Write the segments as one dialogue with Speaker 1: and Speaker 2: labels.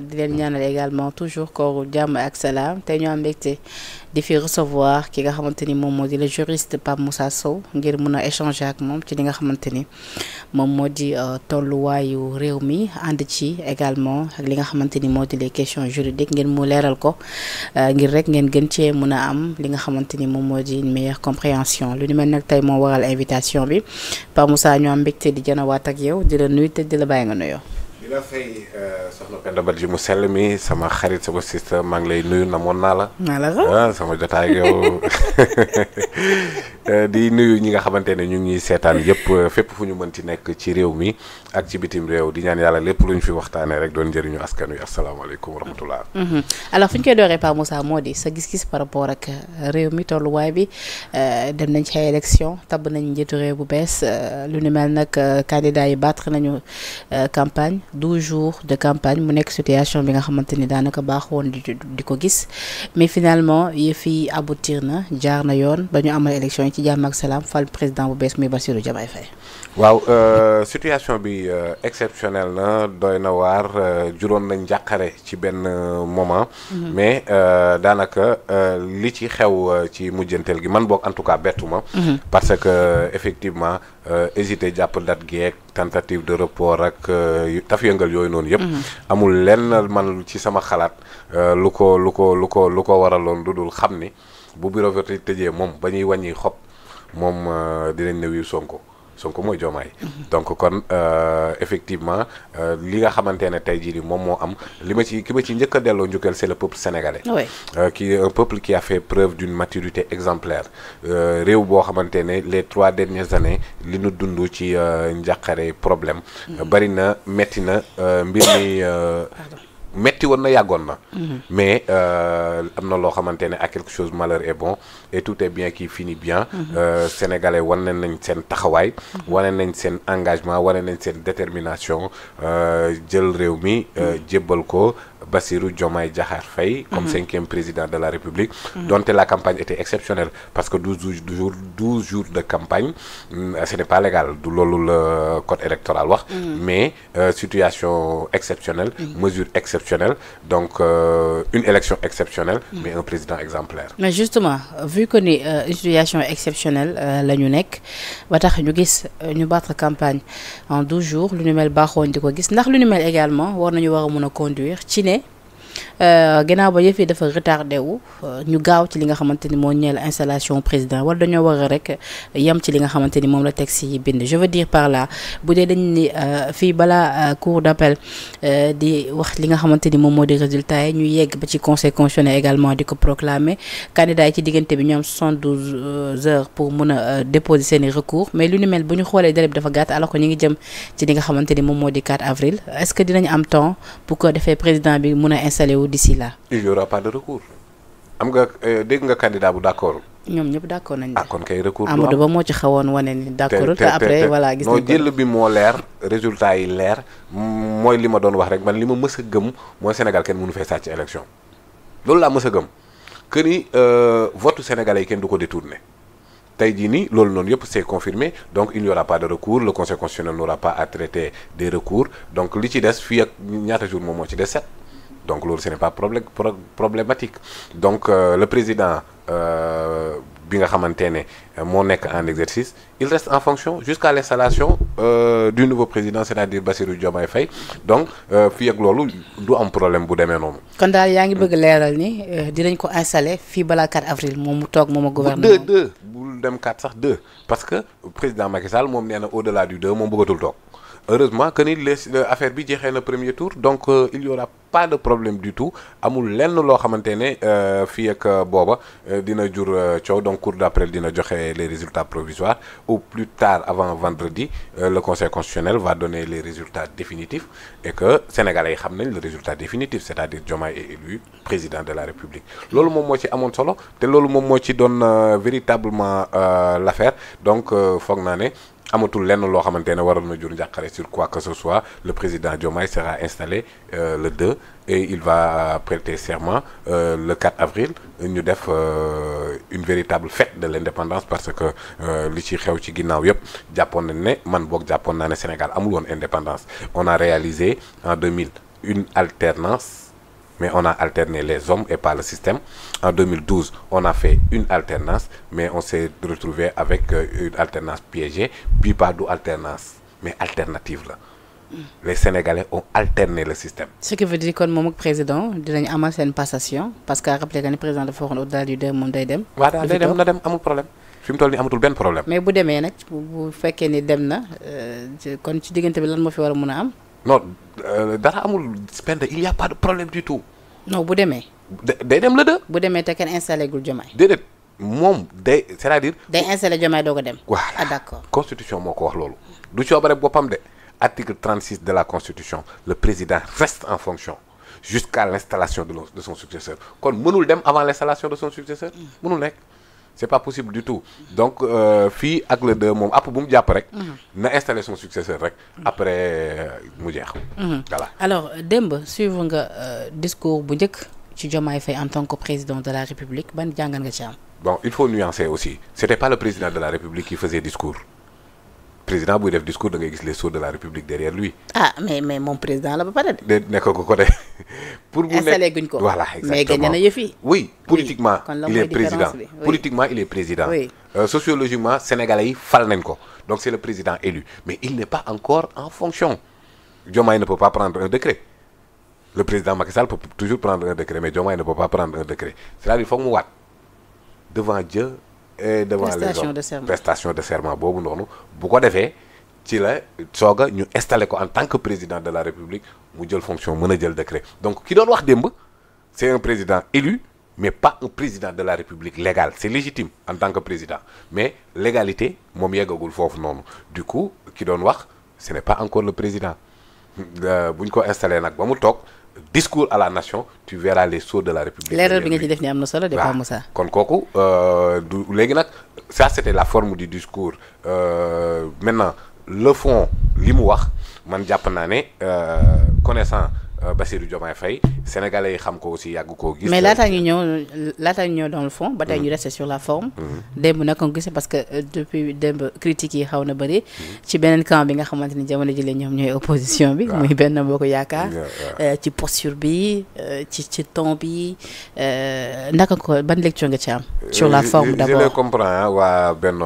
Speaker 1: di leen ñaanal également toujours kooku jàmm ak salaam tey ñoo am mbégte di fi recevoir ki nga xamante ni moom moo di le juriste Pape Sow ngir mun a échanger ak moom ci li nga xamante ni moom moo di euh, tolluwaayu réew mi and ci également ak li nga xamante ni moo di les questions juridiques ngir mu leeral ko euh, ngir rek ngeen gën cee mun a am li nga xamante ni moom moo di une meilleure compréhension lu ni mel nag tey moo waral invitation bi Pape Moussa ñoo am mbégte di janawaat ak yow di la nuyu te di la bàyyi nga nuyoo.
Speaker 2: la fay euh, soxna Penda Badji mu sell mi sama xarit sama sista maa ngi lay nuyu namoon naa la. naa la ah, sama jotaay yow euh, di nuyu ñi nga xamante ne ñu ngi seetaan yëpp euh, fépp fu ñu mën ci nekk ci réew mi ak ci bitim réew di ñaan yàlla lépp lu ñu fi waxtaanee rek doon njëriñu askan wi asalaamaaleykum wa rahmatullah.
Speaker 1: Mm-hmm. alors fu ñu koy dooree Pa Moussa moo di sa gis-gis par rapport ak réew mi tolluwaay bi dem nañ ci ay élection tabb nañ njiitu réew bu bees lu ni mel nag candidat yi battre nañu douze jours de campagne mu nekk situation bi nga xamante ni daanaka baaxoon di di ko gis mais finalement yi fi aboutir na jaar na yoon ba ñu amal élection yi ci jàmm ak salaam fal président bu bees muy Bassirou Diomaye Faye
Speaker 2: waaw euh, situation bi euh, exceptionnelle na doy na waar euh, juróon na njàqare ci benn moment mhm. mais daanaka li ci xew ci mujjanteel gi man boog en tout cas bettuma mhm. parce que effectivement Euh, hésité jàpp date geeg tentative de report ak euh, taf yëngal yooyu noonu yëpp mhm. amul lenn man ci sama xalaat euh, lu ko lu ko lu ko lu ko waraloon lu dul xam ni bu bureau vote tëjee moom ba ñuy waññi xob moom dinañ ne wiiw Sonko Sonko mooy Diomaye donc kon euh, effectivement euh, li nga xamante ne tey jii moom moo am li ma ci ki ma ci njëkk a delloo njukkal c'est le peuple sénégalais ki euh, un peuple ki a fait preuve d'une maturité exemplaire réew boo xamante ne les trois dernières années li nu dund ci njàqare problème mm-hmm. bari na metti na mbir mi metti woon na yàggoon na. Mhm. mais euh, am na loo xamante ne à quelque chose malheur et bon et tout est bien qui finit bien. Mhm. Euh, sénégalais wane nañ seen taxawaay. Mhm. wane nañ seen engagement wane nañ seen détermination euh, jël réew mi jébbal ko. Bassirou Diomaye Diakhar Faye comme mhm. cinquième président de la République mhm. donte la campagne était exceptionnelle parce que douze jours de campagne mm, ce n'est pas légal du loolu la code électoral wax mhm. mais euh, situation exceptionnelle mesure exceptionnelle donc euh, une élection exceptionnelle mais un président exemplaire
Speaker 1: mais justement vu que ni euh, une situation exceptionnelle la ñu nekk ba tax ñu gis ñu battre campagne en douze jours lu ñu mel baaxooñ di ko gis Euh, ginnaaw ba yëf yi dafa retardé wu euh, ñu gaaw ci li nga xamante ni moo ñeel installation président wala dañoo war a rek yem ci li nga xamante ni moom la texte yi bind je veux dire par là bu dee dañ ni euh, di wax li nga xamante ni moom moo di résultat yi ñu yegg ba ci conseil constitutionnel également di ko proclamer candidat yi ci diggante bi ñoom 72 heures pour mun a déposer seeni recours mais lu ni mel bu ñu xoolee délai bi dafa gàtt alors que ñu ngi jëm ci li nga xamante ni moom moo di 4 avril est-ce que dinañ am temps pour que defee président bi mun a installé wu d'ici là.
Speaker 2: il y aura pas de recours am nga euh, dégg nga candidat bu d' accord.
Speaker 1: ñoom ñëpp d' accord nañu. ah
Speaker 2: kon kay recours Amadou Ba
Speaker 1: moo ci xewoon wane ni d' accord te après voilà gis nañu
Speaker 2: bi moo leer résultat yi leer mooy li ma doon wax rek man li ma mës gëm mooy Sénégal kenn mënu fee sàcc élection loolu laa mës a gëm que ni euh, vote sénégalais yi kenn du ko détourné tey jii nii loolu noonu yëpp se confirmé donc il n'y aura pas de recours le conseil constitutionnel n'aura pas à traiter donc li ci des fii ak ñaata moom moo ci des donc loolu ce n'est pas problème problématique donc euh, le président euh, bi nga xamante ne euh, moo nekk en exercice il reste en fonction jusqu'à l'installation euh, du nouveau président c'est-à-dire Bassirou Diomaye fay donc euh, fii ak loolu du am problème bu demee noonu.
Speaker 1: kon daal yaa ngi bëgg leeral ni dinañ ko installer fii balaa 4 avril moom mu toog moom a gouvernement deux
Speaker 2: deux bul dem 4 sax deux parce que président Macky Sall moom nee na au-delà du deux moom bëggatul toog. heureusement que ni les affaire bi jeexee na premier tour donc euh, il y aura pas de problème du tout amul lenn loo xamante ne euh, fii ak euh, booba dina jur coow donc cour d'appel dina joxe les résultat provisoires au plus tard avant vendredi le conseil constitutionnel va donner les résultats définitifs et que sénégal yi xam nañ le résultat définitif c'est-à-dire Diomaye est élu président de la république loolu moom moo ci amoon solo te loolu moom moo ci doon véritablement l'affaire donc foog naa ne amatul lenn loo xamante ne waroon na jur njàqare sur quoi que ce soit le président Diomaye sera installé euh, le 2 et il va euh, prêter serment euh, le 4 avril ñu def euh, une véritable fête de l'indépendance parce que euh, li ci xew ci ginnaaw yëpp jàppoon nañ ne man boog jàppoon naa ne Sénégal amul woon indépendance on a réalisé en 2000 une alternance mais on a alterné les hommes et pas le système. En 2012, on a fait une alternance, mais on s'est retrouvé avec euh, une alternance piégée, puis pas d'alternance, mais alternative là. Mm. les sénégalais ont alterné le système.
Speaker 1: ce qui veut dire kon moom ak président dinañ amal seen passation parce que rappelé nga ni président dafa waxoon daal di dem moom day dem. waaw na dem
Speaker 2: amul problème fi toll nii amatul benn problème.
Speaker 1: mais bu demee nag bu fekkee ni dem na euh, kon ci diggante bi lan moo fi war a am.
Speaker 2: non euh, dara amul spend il a problème tout.
Speaker 1: non bu demee. day dem la de. bu demee te kenn installé gul Diomaye.
Speaker 2: déedéet moom day c'est-à-dire. day
Speaker 1: installé Diomaye doog ko dem.
Speaker 2: voilà ah, d'accord constitution moo ko wax loolu. du coobare boppam de article 36 de la constitution le président reste en fonction. jusqu'à l'installation de de son successeur kon mënul dem avant l'installation de son successeur mm. mënul nekk c'est pas possible du tout donc euh, fii ak le deux moom app bu jàpp rek. Mhm. na installer son successeur rek. après euh, mu mhm.
Speaker 1: alors démb suivre nga euh, discours bu njëkk ci Diomaye Faye en tant que président de la République ban jàngat nga ci am.
Speaker 2: il faut nuancer aussi c'était pas le président de la République qui faisait discours. président buy def discours da ngay gis les sceaux de la république derrière lui. ah na yëf yi. politiquement il est président euh, sociologiquement sénégalais yi fal ko donc c' le président élu mais il n' est pas encore en fonction. Diomaye ne peut pas prendre un décret le président Macky Sall peut toujours prendre un décret mais Diomaye ne peut pas prendre un décret c'est-à-dire foog mu waat devant Dieu. et eh, devant prestation les de serment prestation de serment boobu noonu bu ko defee ci la soog a ñu installé ko en tant que président de la république mu jël fonction mën a jël décret donc ki doon wax démb c' est un président élu mais pas un président de la république légal c' légitime en tant que président mais légalité moom yeggagul foofu noonu du coup ki doon wax ce n' est pas encore le président Euh, bu ñu ko installé nag ba mu toog discours à la nation tu verras les sceaux de la république.
Speaker 1: leeral bi nga ci def ni am na solo de Pa Moussa.
Speaker 2: kon kooku euh, du léegi nag ça c'était la forme du discours euh, maintenant le fond li mu wax man jàpp naa ne euh, connaissant. Euh, Bassirou Diomaye Faye sénégalais yi xam ko aussi yàgg koo gis. mais laataa ñu
Speaker 1: euh, ñëw laataa ñu ñëw dans le fond. ba tey mm-hmm. ñu resté sur la forme. Mm-hmm. démb nag nga gisee parce que euh, depuis démb critiques yi xaw na bëri. Mm-hmm. ci beneen camp bi nga xamante ni jamono jëlee ñoom ñooy opposition bi. muy benn boo ko yaakaar. ci posture bi ci ci ton bi naka ko ban lecture nga ci am. sur la forme d' abord je le
Speaker 2: comprends waa benn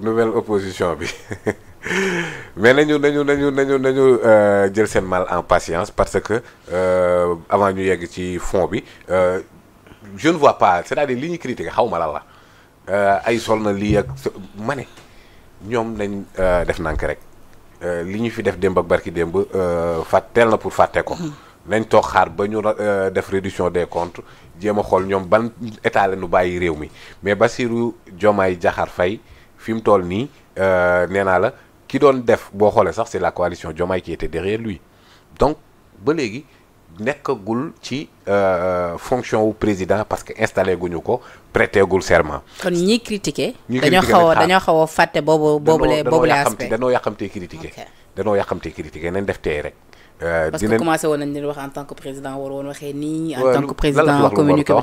Speaker 2: nouvelle opposition bi. mais nañu nañu nañu nañu nañu euh, jël seen mal en patience parce que euh, avant ñu yegg ci fond bi euh, je ne vois pas c'est-à-dire li ñu critiqué xaw ma lan la euh, ay sol na lii ak ma ne ñoom nañ euh, def nank rek li ñu fi def démb ak barki démb fàtt teel na pour fàtte ko. Mm-hmm. nañ toog xaar ba ñu def réduction des comptes jéem a xool ñoom ban état la nu bàyyi réew mi mais Bassirou Diomaye Diakhar Faye fi mu tool nii nee naa la. ki doon def boo xoolee sax c'est la coalition Diomaye qui était derrière lui donc ba léegi nekkagul ci euh, euh, fonction wu président parce que installé guñu ko prêté gul serment.
Speaker 1: kon ñiy critiquer. ñiy critiquer dañoo xaw a dañoo xaw a fàtte boobu boobule boobule aspect.
Speaker 2: danoo yàqamti danoo yàqamtee critiquer. danoo yàqamtee critiquer nañ def tey rek. Euh, parce que commencé
Speaker 1: woon nañ leen wax en tant que président war woon waxee bi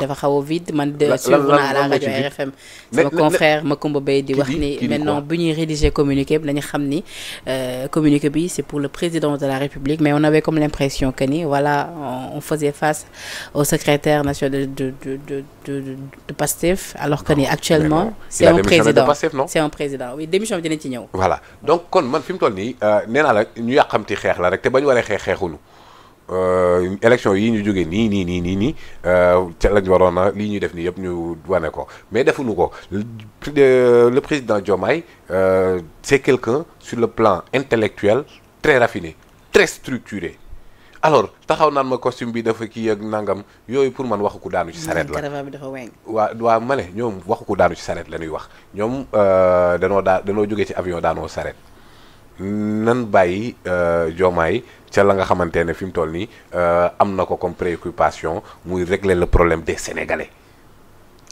Speaker 1: dafa xaw a man de suivre naa la rajo RFM. sama confrère Makumba Bay di wax ni maintenant bu ñuy rédiger communiqué bi dañu xam ni euh, communiqué bi c' pour le président de la République mais on avait comme l' impression que ni voilà on faisait face au secrétaire national de de de de de PASTEF alors que actuellement. c' est président c' est président oui démission bi ci ñëw.
Speaker 2: voilà donc kon man mu toll nii euh, nee naa la xeex la rek te ba ñu waree xeex xeexuñu euh, élection yi ñu jógee nii nii nii nii nii euh, ca lañ waroon a lii ñuy def nii yëpp ñu wane ko mais defuñu ko le président Diomaye euh, c'est quelqu'un sur le plan intellectuel très raffiné très structuré alors taxaw naan ma costume bi dafa kii ak nangam yooyu pour man waxu ko daanu ci sareet la bi dafa weng waa waa ma ne ñoom waxu ko daanu ci sareet la ñuy wax ñoom danoo daa danoo jógee ci avion daanoo sareet nan bàyyi euh, Diomaye ca la nga xamante ne fi mu toll nii euh, am na ko comme préoccupation muy régler la problème des Sénégalais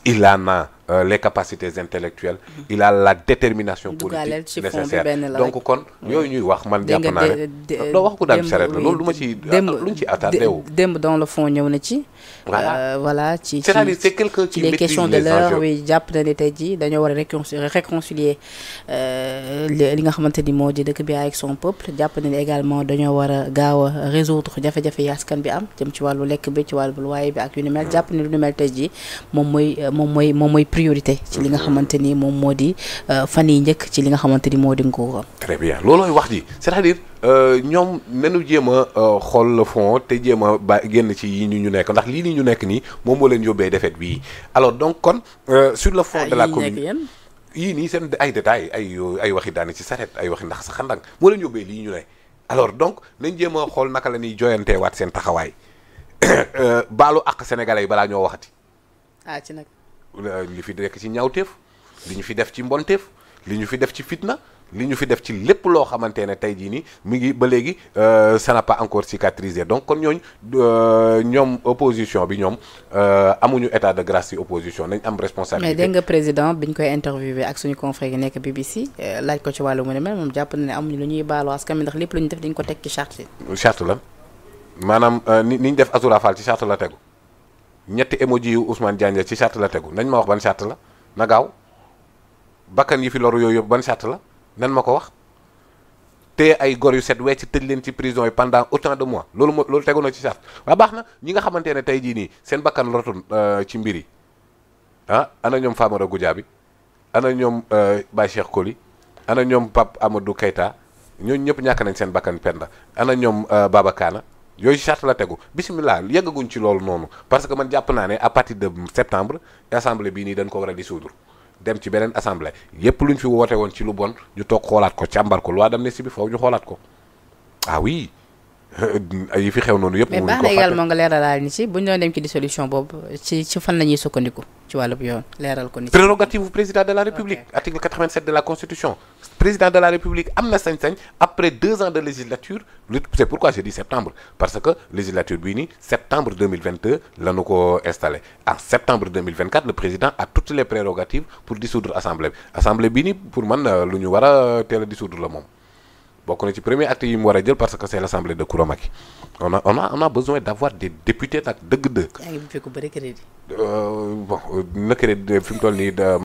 Speaker 2: il en Euh, les capacités intellectuelles il a la détermination politique nécessaire donc kon yooyu ñuy wax man jàpp naa ne doo wax ko daal saret la loolu lu ci luñ ci attardé wu ci voilà
Speaker 1: euh, ci cest jàpp na ne tey dañoo war a réconcilier réconcilier euh, li nga xamante ni moo di dëkk bi avec son peuple jàpp na ne également dañoo war a gaaw a résoudre jafe-jafe yi askan bi am jëm ci wàllu lekk bi ci wàllu loyer bi ak yu ni mel hmm. jàpp ne lu ni mel tey jii moom mooy moom mooy moom priorité ci li nga mm-hmm. xamante ni moom moo di euh, fan yi njëkk ci li nga xamante ni moo di nguuram.
Speaker 2: très bien loolooy wax ji cest à euh, ñoom nañu jéem a euh, xool le fond te jéem a ba génn ci yi ñu nekk ndax lii nii ñu nekk nii moom moo leen yóbbee défaite bii alors donc kon sur le fond de la ah, commune yii nii seen ay détails ay ay waxi daane ci saret ay waxi ndax sa xandang moo leen yóbbee ñu alors donc nañ jéem xool naka la ñuy joyanteewaat seen taxawaay baalu àq sénégalais yi balaa ñoo waxati. ah ci nag. li fi nekk ci ñaawteef li ñu fi def ci mbonteef li ñu fi def ci fitna li ñu fi def ci lépp loo xamante ne tey jii nii mi ngi ba léegi euh, ça n'a pas encore cicatrisé donc kon ñooñ euh, ñoom opposition bi ñoom euh, amuñu état de grâce ci opposition nañ am responsabilité. mais dégg nga
Speaker 1: président biñ koy interviewé ak suñu confrère yi nekk BBC laaj ko ci wàllu mu ne mel moom jàpp na ne amuñu lu ñuy baalu askan mi ndax lépp lañu ñu def dañ ko teg ci charte.
Speaker 2: charte la maanaam ni ñu def Azoura Fall ci la tegu. ñetti emoji yu Ousmane Diagne ci charte la tegu nañ ma wax ban charte la na gaaw bakkan yi fi loru yooyu yëpp ban charte la nan ma ko wax te ay gor yu set wecc tëj leen ci prison yi pendant autant de mois loolu moo loolu tegu na ci charte waa baax na ñi nga xamante ne tey jii nii seen bakkan lotul euh, ci mbir yi ah ana ñoom Famara Goudiaby ana ñoom euh, Baye Cheikh Koli ana ñoom Pape Amadou Keita ñooñu ñëpp ñàkk nañ seen bakkan penda ana ñoom euh, Baba yooyu chart la tegu bisimilah yeggaguñ ci loolu noonu parce que man jàpp naa ne à partir de septembre assemblée bii nii dañ ko war a dissoudre dem ci beneen assemblée yépp luñ fi woote woon ci lu bon ñu toog xoolaat ko càmbar ko ne si bi foofu ñu xoolaat ko ah oui Euh, yi fi xew noonu yëpp. mais baax
Speaker 1: na ni ci bu ñu dem ci dissolution boobu ci ci fan la ñuy sukkandiku ci wàllub yoon
Speaker 2: leeral ko ni prérogative bu président de la république. article 87 de la constitution. président de la république am na sañ-sañ après deux ans de législature lu c'est pourquoi j'ai dit septembre parce que législature bii nii septembre 2022 la ñu ko installé en septembre le président a toutes les prérogatives pour dissoudre assemblée bi assemblée pour man euh, lu ñu war a euh, dissoudre la moom. bokk na ci premier acte yi mu war a jël parce que c' est de Kouramaki on a on a on a besoin d' avoir des députés nag dëgg-dëgg.
Speaker 1: fi ko bëri crédit.
Speaker 2: Euh, bon na euh, crédit toll nii.